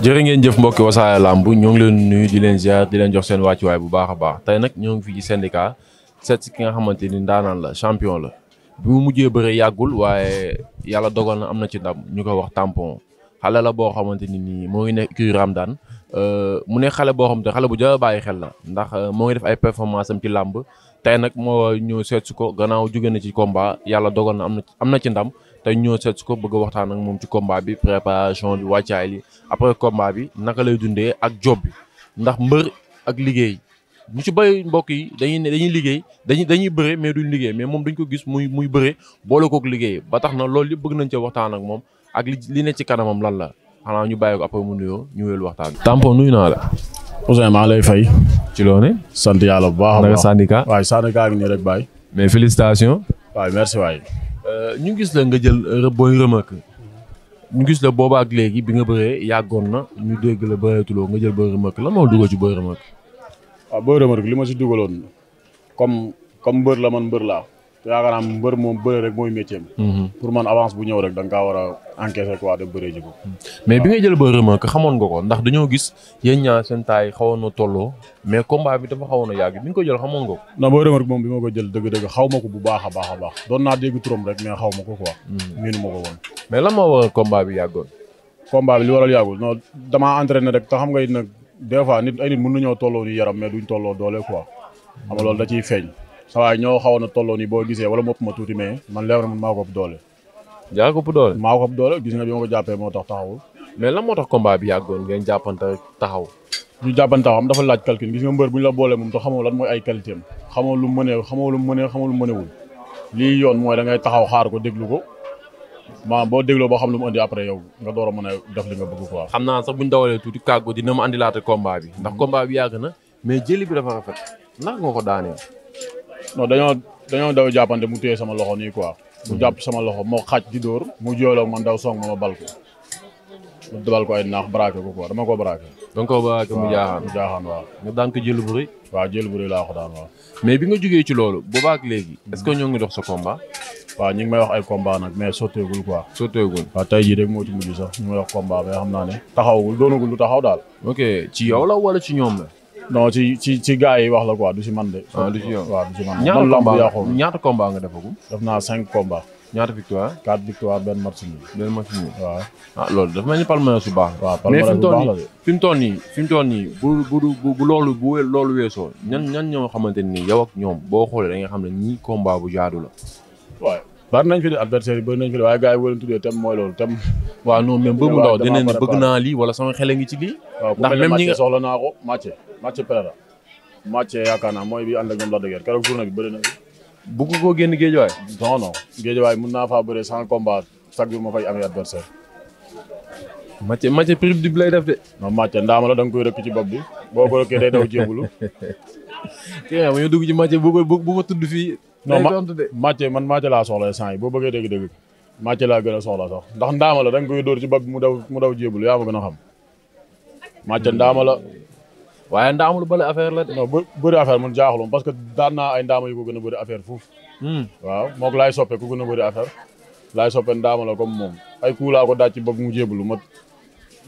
jërë ngeen jëf mbokki wasaare làmb ñoo ngi leen nuyu di leen ziar di leen jox seen wàccuwaay bu baax a baax tey nag ñoo ngi fi ci syndicat seet si ki nga xamante ni ndaanaan la champion la bi mu mujjee bëre yàggul waaye yàlla dogal na am na ci ndam ñu ko wax tampon xale la boo xamante ni nii moo ngi nekk kii daan euh, mu ne xale boo xamante xale bu jar a bàyyi xel na ndax euh, moo ngi def ay performance am ci làmb tey nag moo ñëw seet si ko gannaaw jóge na ci combat yàlla dogal na am na am na ci ndam te ñoo seet si ko bëgg waxtaan ak moom ci combat bi préparation bi wàccaay li après combat bi naka lay dundee ak job bi ndax mbër ak liggéey ñu ci bay mbokk yi dañuy ne dañuy liggéey dañuy dañuy bëre mais duñ liggéey mais moom dañ ko gis muy muy bëre boole kook liggéey ba tax na loolu yëpp bëgg nañ ci waxtaan ak moom ak li li ne ci kanamam lan la xanaa ñu bàyyi ko après mu nuyoo ñu waxtaan bi. Tampon nuyu naa la. Ousseyn lay fay. ci loo ne. yàlla bu baax a baax naka Sandika. waay nii rek baay. mais félicitations. waay merci waay. Euh, ñu gis la nga jël booy remarque ñu gis la boobaak léegi bi nga bëree yàggoon na ñu dégg la bëreetuloo nga jël booy remarque la moo dugal ci booy remarque. waaw booy remarque li ma si dugaloon comme comme mbër la man mbër laa. yaakaar naa mbër moom bëre rek mooy métier mhm. pour man avance bu ñëw rek da kaa war a encaisser quoi bëree ji ko. Mhm. mais bi ngay jël ba remarque xamoon nga ko ndax dañoo gis yéen ñaar seen taay xawoon na tolloo mais combat bi dafa xawoon na yàgg bi nga ko jël ko. non booy ko jël dëgg-dëgg xaw ma ko bu baax a baax a baax doon naa dégg turam rek mais xaw ma ko quoi. Mhm. miinu ma ko woon. mais lan moo waral combat bi yàggoon. combat bi li waral yàggul dama damaa entraîné rek te xam nga it nag des fois nit ay nit mën nañoo tolloo ni yaram mais duñ tolloo doole quoi xam nga loolu da ciy feeñ sawaay ñoo xawoon a tolloo ni boo gisee wala mu ëpp ma tuuti mais man leer na man maa doole yaa doole maa doole gis nga bi ma ko jàppee moo tax taxawul mais lan moo tax combat bi yàggoon ngeen jàppante taxaw ñu jàppante taxaw laaj calcul gis nga mbër bu la boolee moom te xamoo lan mooy ay qualité am xamoo lu mënee xamoo lu mënee xamoo lu mënewul lii yoon mooy da ngay taxaw xaar ko déglu ko maanaam boo dégloo boo xam lu mu indi après nga door a mën a def li nga xam naa bu ñu dawalee tuuti kàggu dina ma andilaate combat bi ndax combat bi yàgg na mais jëli bi dafa rafet ndax nga ko daanee non dañoo dañoo daw jàppante mu téye sama loxo nii quoi. mu jàpp sama loxo moo xaaj di dóor. mu jooloo man daw song ma ma bal ko. mu dabal ko ay naax braqué ko quoi dama ko braqué. dama ko braqué mu jaaxaan mu jaaxaan waaw. nga daan ko jël bu waa waaw jël bu rëy laa ko daan waaw. mais bi nga jugee ci loolu boobaa ak léegi. Mm-hmm. est que ñoo ngi dox sa combat. waa ñu ngi may wax ay combat nag mais sotteegul quoi. sotteegul waaw tey ji rek moo ci mujj sax ñu may wax combat mais xam naa ne. taxawagul doonagul lu taxaw daal. ok ci yow la wala ci ñoom la. donc ci ci ci gars yi wax la quoi du si man de. ah du ci yow waaw du ci man. ñaata combat ñaata combat nga defagum. def naa cinq combat. ñaata victoire. quatre victoire benn match nul. benn match nul waaw. ah loolu dafa mel ni palmarès su baax. waaw palmarès bu baax la de mais fi nii fi mu toll nii bu bu bu loolu bu loolu weesoo ñan ñan ñoo xamante nii yow ak ñoom boo xoolee da nga xam ne ñii combat bu jaadu la. bari nañ fi de adversaire yi bari nañ fi de waaye gars yi boo leen tuddee tam mooy loolu tam. waaw non même bëgg ndaw dinañ naa lii wala sama xel a ngi ci lii. ndax même ñi nga soxla naa ko Mathieu Mathieu Pereira de Guiers na. bëgg koo mun naa faa bëree sans combat chaque jour ma fay amee adversaire. Mathieu Mathieu prix bi lay de. non Mathieu ndaama la da nga koy ci bopp bi boo ko rëkkee day daw tudd fii non Mathieu man Mathieu laa soxla sant a soxla sax ndax ndaama la da nga koy dóor ci bab mu daw mu yaa ma gën a xam Mathieu ndaama la waaye ndaama lu bëri affaire la de non affaire man jaaxulum parce que daan naa ay ndaama yu ko gën a bëri affaire foofu hmm. waaw mook laay soppe ku gën a bëri affaire laay soppe ndaama la comme moom ay ku laa ci bab mu jébulu ma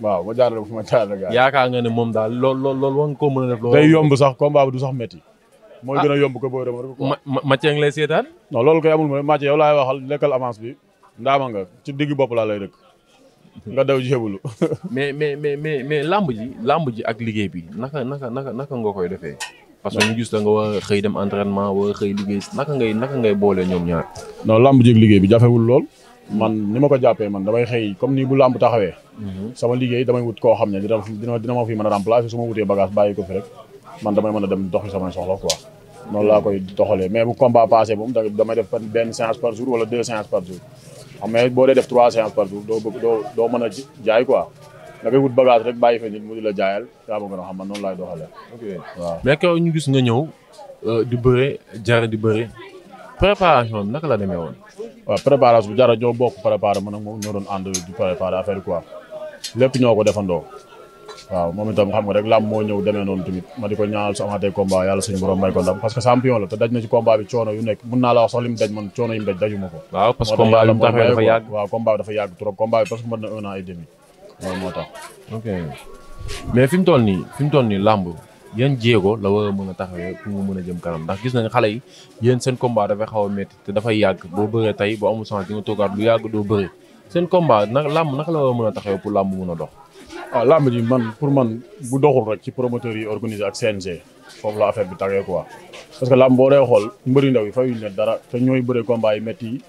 waaw ma jaarale fu ma jaarale gaa yaakaar nga ne moom daal lool lool lool war mën a def lool day yomb sax combat mooy gën a yomb ko booy remarque quoi. Mathieu lay seetaan. non loolu koy amul ma Mathieu yow laay waxal lekkal avance bi ndaama nga ci digg bopp laa lay dëkk nga daw jébalu. mais mais mais mais mais làmb ji làmb ji ak liggéey bi naka naka naka naka nga koy defee. parce que ñu gis da nga war a xëy dem entraînement wala xëy liggéey naka ngay naka ngay ñaar. non làmb ji ak jafewul lool. man ni ma ko jàppee man damay xëy comme ni bu làmb taxawee. Mhm. sama liggéey damay wut koo xam ne dina ma fi mën a remplacer su wutee bagage bàyyi ko fi rek. man damay mën a dem doxali samay soxla quoi noonu laa koy doxalee mais bu combat passé moom damay def benn séance par jour wala deux séances par jour xam nga boo dee def trois séances par jour doo doo a jaay quoi nga koy wut bagage rek bàyyi fa nit mu di la jaayal yaa ma gën a xam man noonu laay doxalee. ok waaw mais kaw ñu gis nga ñëw euh, di bëre jara di bëre préparation bi naka la demee woon. waaw préparation bu jara ñoo bokk préparé man ak moom ñoo doon ànd di préparé lépp ñoo ko defandoo. waaw moom itam xam nga rek làmb moo ñëw deme noonu tamit ma di ko ñaanal su amaatee combat yàlla suñu borom may ko la mun naa la wax sax li mu daj man coono dajuma ko waaw parce que combat dafa yàgg parce que mën na un an et demi moo tax ok mais fi mu toll nii fi mu toll nii làmb yan ko la war a mën a taxawee pour mu a jëm kanam ndax gis nañ xale yi yéen seen combat dafay xaw a métti te dafay yàgg boo bëree tey boo amul chance di nga toogaat lu yàgg doo bëree seen combat nag làmb naka la war a mën a taxawee pour làmb mën a dox waaw ah, làmb ji man pour man bu doxul rek ci promoteurs yi organisé ak CNG foofu la affaire bi tagee quoi parce que làmb boo dee xool mbëri ndaw yi fayuñ ne dara te ñooy bëree combat yi métti yi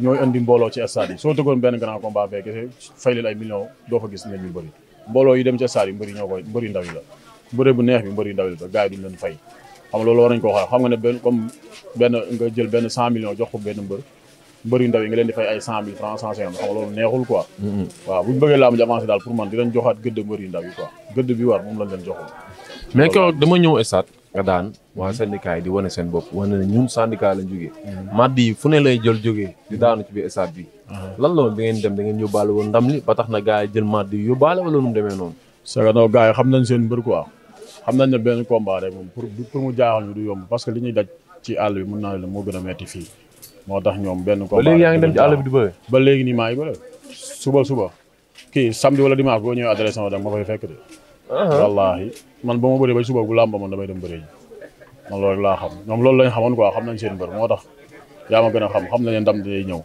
ñooy mbooloo ci stade yi soo tëggoon benn grand combat bee kese fay leen ay millions doo fa gis nit ñu bëri mbooloo yi dem ci stade yi mbëri ñoo koy mbëri ndaw la mbëri bu neex bi mbëri ndaw yi la gars yi duñ leen fay xam nga loolu war nañ koo xam nga ne benn comme benn nga jël benn cent millions jox ko benn mbër mbër yu ndaw yi nga leen di fay ay cent mille francs cent cinquante xam neexul quoi mm-hmm. daal pour man di leen joxaat gëdd mbër yu ndaw yi quoi gëdd bi war moom lañ leen joxul mais keroog dama ñëw stade nga daan waa syndicat yi di wane seen bopp wane mm-hmm. yi fu ne lay di daanu ci bi mm-hmm. lan la bi ngeen dem da ngeen yóbbaale woon ndam li tax na gars jël madd yi yóbbaale wala nu mu demee noonu saganoo yi xam nañ seen mbër quoi benn combat moom pour pour mu jaaxal ñu du yomb parce que li ñuy daj ci àll bi mën naa ne moo gën a metti fii moo tax ñoom benn. combat ba léegi yaa ngi dem ci àll bi di bëre. ba léegi nii maa ngi bëre suba suba kii samedi wala dimanche boo ñëwee adresse ma da ma fay fekk de. Uh-huh. wallaahi man ba ma bëree ba suba bu làmb man damay dem bëree ji man loolu laa xam ñoom loolu lañ xamoon quoi xam nañ seen mbër moo tax yaa ma gën a xam xam nañ ndam day ñëw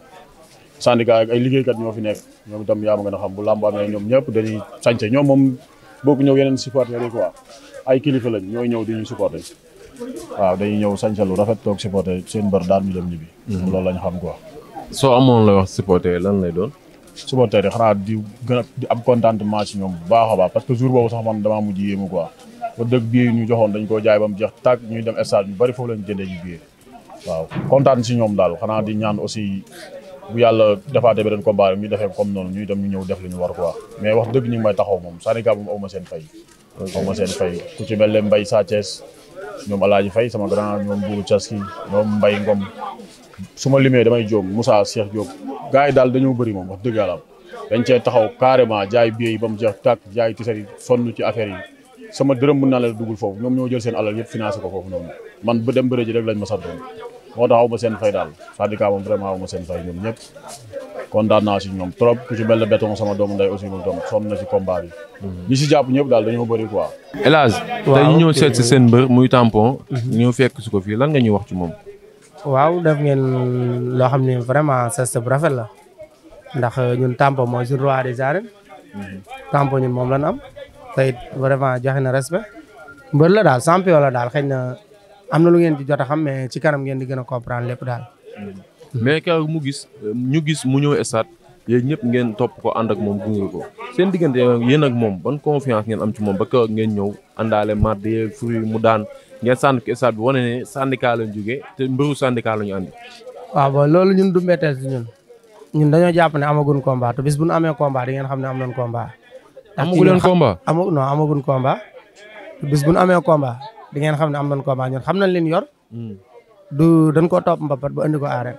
syndicat ak ay liggéeykat ñoo fi nekk ñoom itam yaa ma gën a xam bu làmb amee ñoom ñëpp dañuy sañse ñoom moom bokk ñëw yeneen supporter yi quoi ay kilifa lañ ñooy ñëw di ñu supporter waaw dañuy ñëw sañse lu rafet toog supporter seen mbër daan ñu dem ñibbi. Mhm. loolu lañ xam quoi. soo amoon la wax supporter lan lay doon. supporter yi xanaa di gën a di am contentement ci ñoom bu baax a baax parce que jour boobu sax man damaa mujj yéemu quoi. ba dëgg billet yi ñu joxoon dañ koo ñuy dem stade ñu bari foofu lañ jëndee ñu billet waaw kontaan ci ñoom daal xanaa di ñaan aussi bu yàlla defaatee beneen combat ñu defee comme noonu ñuy dem ñu ñëw def li ñu war quoi mais wax dëgg ñu ngi may taxaw moom Sénégal moom aw ma seen fay aw ma seen fay ku ci mel ne Mbaye Sathiès ñoom Alaaji Fay sama grand ñoom Bourou Thiaski ñoom mbay Ngom su ma limee damay jóom musaa Cheikh Diop gars yi daal dañoo bëri moom wax dëgg yàlla dañ cee taxaw carrément jaay billets yi ba mu jeex tàkk jaay tisar yi sonn ci affaire yi sama dërëm mën naa la dugul foofu ñoom ñoo jël seen alal yëpp financé ko foofu noonu man ba dem bëre ji rek lañ ma sax doon moo tax aw ma seen fay daal syndicat moom vraiment aw seen fay ñoom ñëpp kontaan naa si ñoom trop ku ci mel sama doomu nday aussi moom tam na si combat bi. Mhm. ñi si jàpp ñëpp daal dañoo bëri waaw tey ñu seet si seen mbër muy tampon. Mhm. ñëw fekk si ko fii lan nga ñu wax ci moom. waaw def ngeen loo xam ne vraiment geste bu rafet la ndax euh, ñun tampon mooy suñu roi des arènes. Mhm. tampon ñun moom lañ am. te it vraiment na respect mbër la daal champion la daal xëy na. am na lu ngeen di jot a xam mais ci kanam ngeen di gën a comprendre lépp daal. mais keroog mu gis ñu gis mu ñëw stade yéen ñëpp ngeen topp ko ànd ak moom gunge ko seen diggante yéen ak moom ban confiance ngeen am ci moom ba keroog ngeen ñëw àndaale mardi fruit mu daan ngeen sànni ko stade bi wane ne syndicat lañ jógee te mbiru syndicat la ñu andi. waaw bon loolu ñun du mbetteel si ñun ñun dañoo jàpp ne amaguñ combat te bis bu ñu amee combat di ngeen xam ne am nañ combat. amaguñ leen combat amaguñ non amaguñ combat bis bu ñu amee combat di ngeen xam ne am nañ combat ñun xam na leen yor. Hmm. du dañ koo topp mbapat ba andi ko aaree.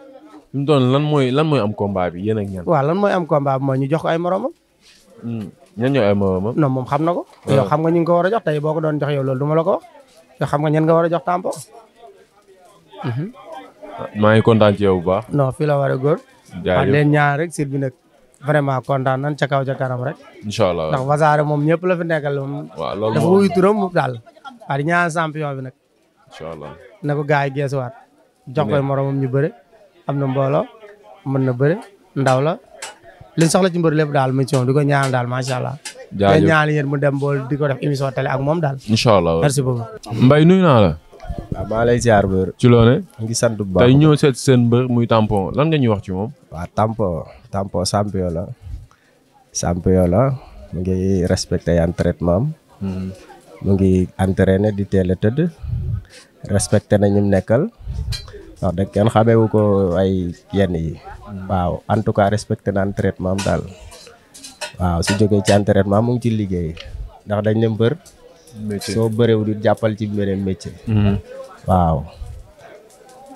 fi doon lan mooy lan mooy am combat bi yéen ak ñan. waaw lan mooy am combat bi mooy ñu jox ko ay moromam. Hmm. ñan ñoo ay moromam. non moom xam na ko. Ah. yow xam nga ñu ngi ko war a jox tey boo ko doon jox yow loolu du ma la ko wax. xam nga ñeen nga war a jox tampo. Mhm. Ah, maa ngi kontaan ci bu baax. no fii la war a góor. jaajëf ñaar rek sir bi nag vraiment kontaan nañ ca kaw ca kanam rek. incha allah ndax wasaare moom ñëpp la fi nekkal moom. daal. waaw di ñaan champion bi nag. incha allah na ko gars yi geesuwaat. jox koy moromam ñu bëre. am na mboolo mën na bëre ndaw la liñ soxla ci mbër lépp daal mu ci moom di ko ñaan daal macha allah. jaajëf ñaan yéen mu dem mbool di ko def émission tele ak moom daal. incha allah merci beaucoup. Mbaye nuyu naa la. waaw maa lay ziar bër. ci ngi sant bu baax ñëw seet seen mbër muy tampon lan nga ñuy wax ci moom. waa tampon tampon champion la champion la mu ngi respecté yan traitement am. Hmm. mu ngi entraîné di teel a tëdd respecté na ñum nekkal wax dëgg kenn xamewu ko ay yenn yi waaw en tout cas respecté na entraînement am daal waaw su jógee ci entraînement mu ngi ci liggéey ndax dañ ne mbër soo bëreewu di jàppal ci beneen métier mhm. waaw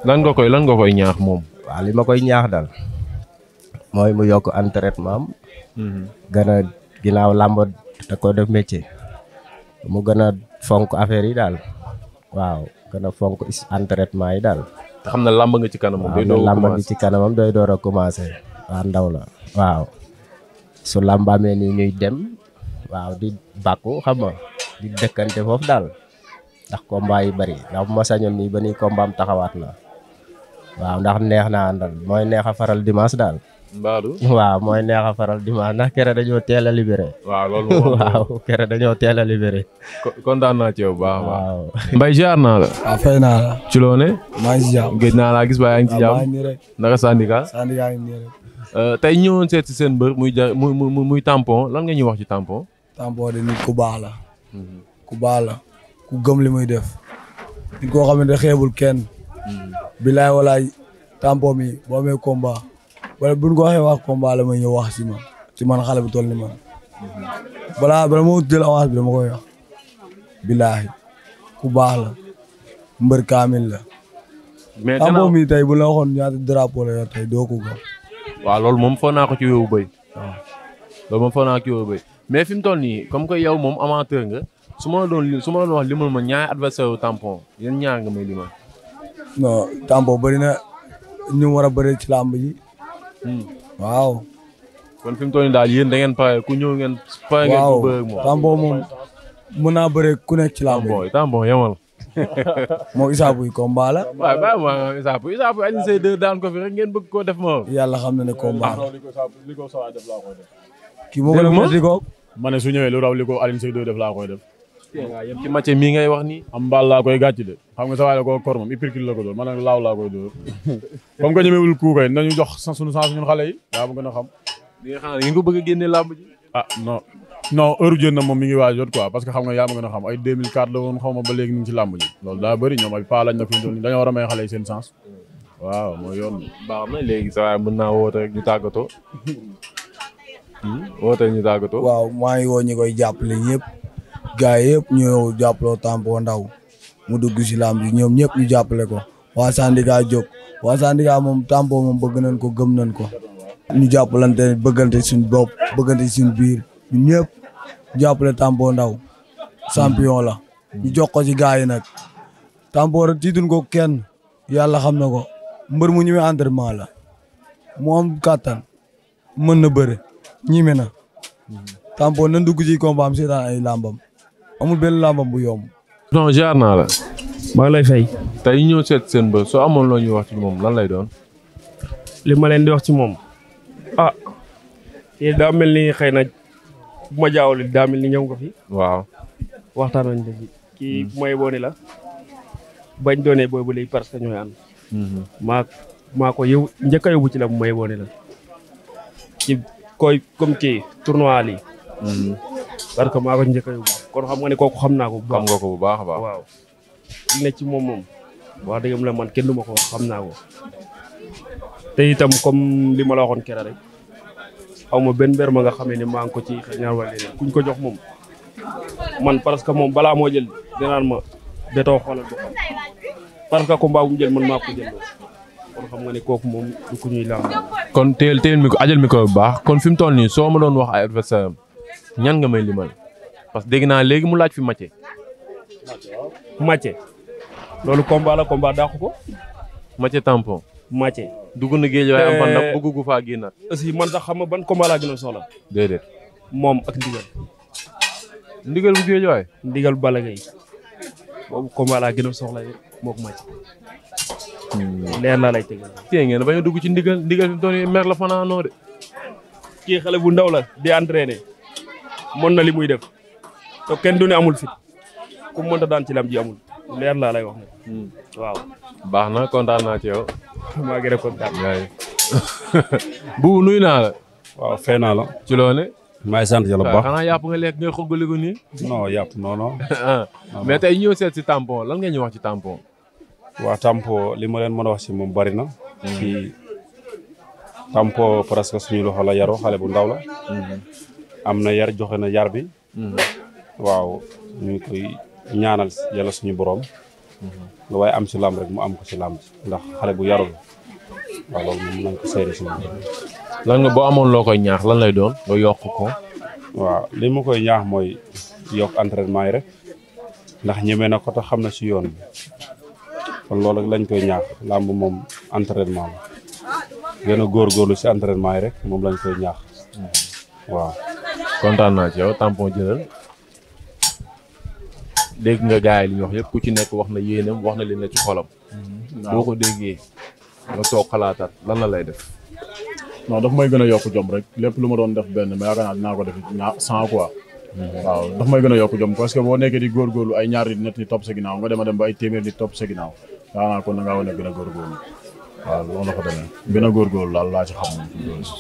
lan nga koy lan nga koy ñaax moom waaw li ma koy ñaax daal mooy mu yokk entraînement am mhm. gën ginnaaw làmb da ko def métier mu gën a fonk affaire yi daal waaw gën a fonk entraînement yi daal. te xam na làmb nga ci kanamam. doy door a làmb nga ci door a commencé. ndaw la waaw. su làmb amee nii ñuy dem. waaw di bàkku xam di dëkkante foofu daal. ndax combat yi bari ndax bu ma sañoon nii ba nii combat taxawaat na waaw ndax neex naa àndal mooy neex a faral dimaas daal. mbaalu waaw mooy neex a faral dimanche ndax kere dañoo teel libéré. waaw loolu moom waaw kere dañoo teel a libéré. kontaan naa ci yow baax waaw Mbaye ziar naa la. waaw ah, fay naa la. ci loo ne. maa ngi ci jàmm gëj naa laa gis ba yaa ngi ci ah, jàmm. naka syndicat. syndicat ngi nii rek. Euh, tey ñëwoon seet si seen mbër muy ja muy muy lan nga ñuy wax ci tampon. tampon de nit ku baax la. Mm-hmm. ku baax la ku gëm li muy def. nit koo xam ne xeebul kenn. Mm-hmm. bilaay walaay tampon mi boo amee combat. wala buñ ko waxee wax combat la ma ñëw wax si man si man xale bu toll ni man balaa bala ma jël avance bi dama koy wax billaahi ku baax la mbër kaamil la mais gannaaw am mi tey bu la waxoon ñaata drapeau la doo ko gaaw. waaw loolu moom foog naa ko ci wéwu béy. waaw naa ci mais fi mu toll nii comme que yow moom amateur nga su ma la doon su ma la doon ma ñaari adversaire yu tampon yéen ñaar nga may limal. non tampon bëri na ñu war a bëri ci làmb ji waaw. kon fi mu toll daal yéen da ngeen pare ku ñëw ngeen. pare waaw Tambon moom mën naa bëre ku nekk ci làmb yi. Tambon yemal. moom Issa Pouye combat la. waaw bàyyi ma Issa Pouye Issa Pouye daan ko fi rek ngeen bëgg koo def ma. yàlla xam na ne combat la. kii moo gën a mën di ko. ma ne su ñëwee lu li ko def. waa yem ci match mii ngay wax nii am mbaal laa koy gàcc de xam nga sa waay la koo kor moom uppercut la ko dóor man nag laaw laa koy dóor comme que ñemewul kuu koy nañu jox suñu chance ñun xale yi yaa ma gën a xam li nga a génne làmb ji ah non na xam nga yaa ma gën a xam la woon xaw ma ba léegi ñu ngi ci làmb ji loolu daa bëri ñoom ay pa lañ fi ñu doon war a may xale yi seen chance waaw mooy yoon baax na léegi sa waay mën naa woote ñu tàggatoo hmm? woote ñu tàggatoo waaw maa woo ñi koy gars yëpp ñu jàppaloo Tampo Ndaw mu dugg si làmb ji ñoom ñëpp ñu jàppale ko waa Sandika jóg waa Sandika moom Tampo moom bëgg ko gëm nañ ko. ñu jàppalante bëggante suñu bopp bëggante suñu biir ñu ñëpp Tampo Ndaw champion la. ñu jox ko ci gars yi nag. Tampo tiituñ ko kenn yàlla xam na ko mbër mu ñëwee entraînement la mu am kàttan mën na bëre ñime na. Tampo na dugg ci combat am ay làmbam amul benn làmbam bu yomb. non jaar naa la. maa lay fay. tey ñëw seet seen bër soo amoon loo ñuy wax ci moom lan lay doon. li ma leen di wax ci moom. ah. yéen daa mel ni xëy na bu ma jaawalee daa mel ni ñëw nga fi. waaw. waxtaan nañ ci kii may hmm. boone la. bañ doonee boobu léegi parce que ñooy ànd. Hmm. maa ko yow njëkk a ci la bu may boone la. ci koy comme kii tournoi lii. Hmm. parce que maa ko njëkk a kon xam nga ne kooku xam naa ko bu baax bu baax a baax waaw ne ci moom moom wax dëggam la man kenn du ma ko xam naa ko te itam comme li ma la waxoon kera rek aw ma benn mbër ma nga xamee ne maa ngi ko ci ñaar wala leneen ko jox moom man parce que moom balaa moo jël dinaan ma betoo xoolal que combat bu mu jël man maa ko jël kon xam nga ne kooku moom du ko ñuy làmb kon teel teel mi ko ajal mi ko bu baax kon fi mu toll nii soo ma doon wax ay adversaire ñan nga may limal parce que dégg naa léegi mu laaj fi Mathieu. Mathieu loolu combat la combat dàqu ko. Mathieu tampon. dugg na géej waaye am fan ndax eh. bëgg faa génnaat. aussi man xam nga ban combat laa gën a soxla. déedéet. moom ak ndigal. ndigal géej waaye. ndigal Balla Gaye boobu combat laa gën a soxla mook Mathieu. Hmm. leer laa lay tegal. tey ngeen bañ a dugg ci ndigal ndigal fi fanaanoo de. kii xale bu ndaw la di entraîné mën na li muy def. te kenn du amul fit ku mu mënta daan ci lam ji amul leer laa lay wax. Hmm. waaw. baax na kontaan naa ci yow. maa bu nuyu naa la. waaw fee ci loone maa ngi sant yàlla a baax xanaa yàpp nga lekk ngay xogaliku nii. non yàpp non non. Ah. mais tey ñëw seet si tampon lan nga ñu wax ci tampon. waa tampon li ma leen mën a wax si moom bari na. Hmm. fii tampon presque suñu loxo la yaroo xale bu ndaw la. Hmm. am na yar joxe na yar bi. waaw ñu ngi koy ñaanal yàlla suñu boroom. nga mm-hmm. waaye am si làmb rek mu am ko ci làmb ndax xale bu yarul waaw loolu moom nañ boo amoon loo koy ñaax lan lay doon nga yokk ko. waaw li ma koy ñaax mooy yokk entraînement yi rek ndax ñeme na ko te xam na ci yoon bi kon loolu lañ koy ñaax làmb moom entraînement la gën a góorgóorlu ci entraînement yi rek moom lañ koy ñaax mm-hmm. waaw. kontaan naa ci yow tampon jëlal dégg nga gars yi li ñu wax yëpp ku ci nekk wax na yéenam wax na li ne ci xolam. Mm-hmm. boo ko déggee nga toog xalaataat lan la lay def. non daf may gën a yokk jom rek lépp lu ma doon def benn mais yaakaar naa ko def ñaar sans quoi. may gën a yokk jom parce que boo nekkee di góorgóorlu ay ñaar nit ñett ni topp sa a dem ay téeméer nit topp sa ginnaaw kon na ngaa gën a góorgóorlu. waaw loolu la ko demee gën a góorgóorlu daal laa ci xam.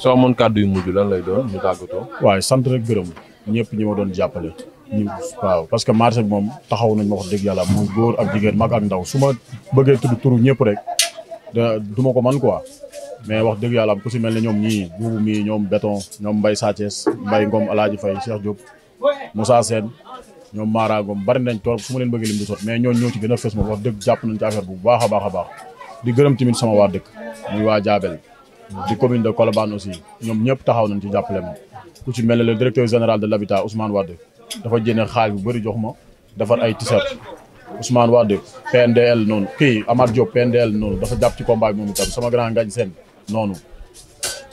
soo amoon kàddu yu mujj lan lay doon ñu tàggatoo. waaye sant rek gërëm ñëpp ñu ma doon jàppale ñu waaw parce que marché bi moom taxaw nañ ma wax dëgg yàlla muy góor ak jigéen mag ak ndaw su ma bëggee tudd turu ñëpp rek du ma ko man quoi mais wax dëgg yàlla ku si mel ne ñoom ñii buubu mii ñoom béton ñoom Mbaye Sathiès Mbaye Ngom Alaaji Faye Cheikh Diop Moussa Sène ñoom Mara Ngom bari nañ su ma leen bëggee lim du sot mais ñooñu ñoo ci gën a fës moom wax dëgg jàpp nañ ci affaire bu baax a baax a baax di gërëm tamit sama waa dëkk muy waa Diabel di commune de Colobane aussi ñoom ñëpp taxaw nañ ci jàppale ma ku ci mel ne le directeur général de l'habitat Ousmane Wade dafa jëne xaal bu bëri jox ma defar ay t-shirt Ousmane Wade PNDL noonu kii Amath Diop PNDL noonu dafa jàpp ci combat bi moom sama grand ngañ seen noonu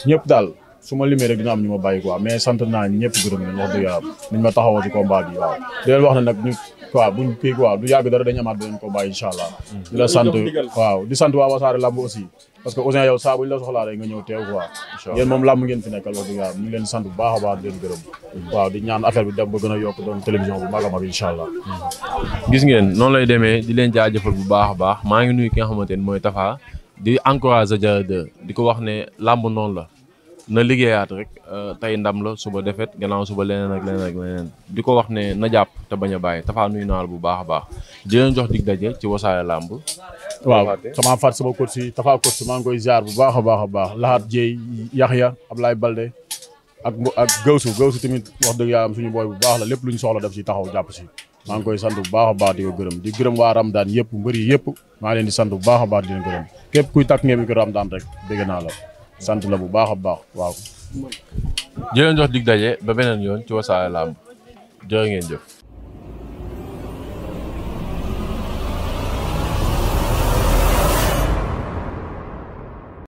ñëpp daal su ma limee rek dina am ñu ma bàyyi quoi mais sant naa ñëpp gërëm nañ wax dëgg yàlla nañ ma taxawoo ci combat bi waaw di leen wax ne nag ñu waaw buñ kii waaw du yàgg dara dañu amaat beneen combat incha allah. Mm-hmm. di la sant waaw di sant waa Wassare aussi. parce que Ousin yow saa bu ñu la soxlaa rek nga ñëw teew quoi. incha allah moom làmb ngeen fi nekkal wax dëgg a baax di leen gërëm. Mm-hmm. waaw di ñaan affaire bi dem ba gën a yokk doon télévision bu mag a mm-hmm. gis ngeen noonu lay demee di leen jaajëfal bu baax a baax maa ngi nuyu ki nga xamante ne mooy Tafa di encourager Diarra 2 di ko wax ne làmb noonu la na liggéeyaat rek euh, tey ndam la suba defeet gannaaw suba leneen ak leneen ak leneen di ko wax ne na jàpp te bañ a bàyyi Tapha nuyu naa la bu baax a baax di leen jox dig daje ci wasaare làmb waaw sama faat sama coach si Tapha maa ngi koy ziar bu baax a baax a baax laxaat Dieye Yaxya Ablaye Balde ak ak gawsu gawsu tamit wax dëgg yàlla suñu booy bu baax la lépp lu ñu soxla def si taxaw jàpp si maa ngi koy sant bu baax a baax di ko gërëm di gërëm waa Ramadaan yëpp mbëri yëpp maa leen di sant bu baax a baax di leen gërëm képp kuy takk ngeen mi ko Ramadaan rek dégg naa la sant la bu baax a baax waaw. di leen jox dig daje ba beneen yoon ci wasaare làmb jërë ngeen jëf.